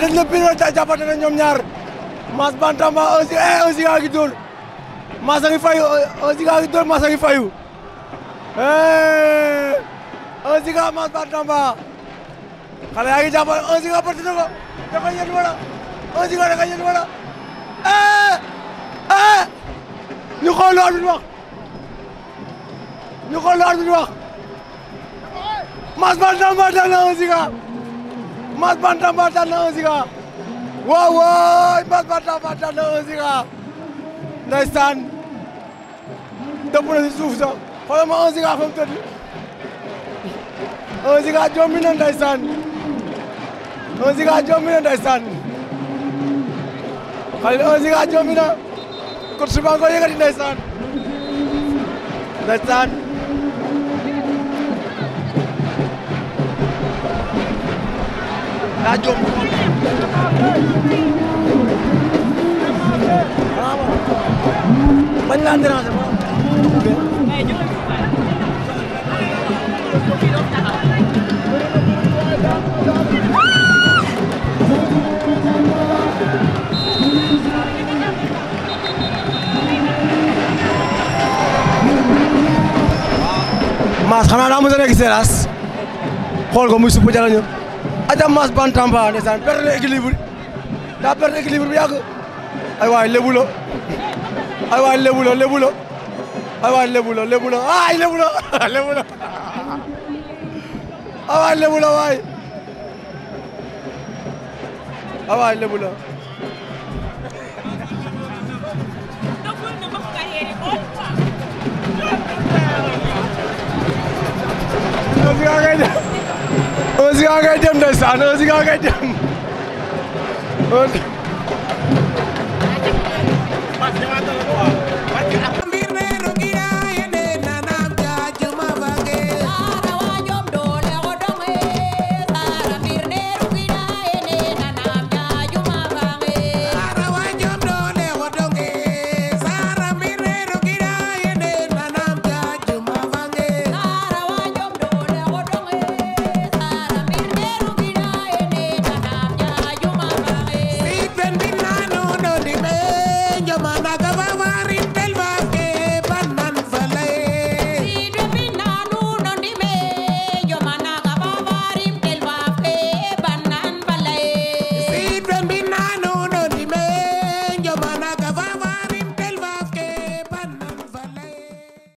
dañ la pire ta jàppante na ñoom ñaar Mass Bantamba aussi eh aussi gaa ngi dóor a ngi fayu aussi gaa ngi dóor Mass ngi fayu eh aussi gaa Mass Bantamba xale yaa ngi jàppal aussi gaa porte na ko da koy yëndu wala aussi gaa eh, eh, ñu xool lu arbitre wax ñu xool lu arbitre na aussi gaa Mass Bantamba daan na 1 Giga waaw waay Mass Bantamba daan na 1 Giga ndeysaan dëpp na si suuf sax xoolal ma 1 Giga fa mu tëdd 1 Giga jommi na ndeysaan 1 Giga jommi na ndeysaan Khalil 1 Giga jommi na kot su ma ko yëkkati ndeysaan ndeysaan maas xanaa daa mos a nekk Seras ko muy supp jalañu Atamas Bantamba ndeysaan perte na équilibre daa perte équilibre bu yàgg ay waay lébu ay waay lébu la ay waay lébu la ay waay lébu waay ay waay lébu aussi nga ngay dem ndeysaan aussi nga ngay dem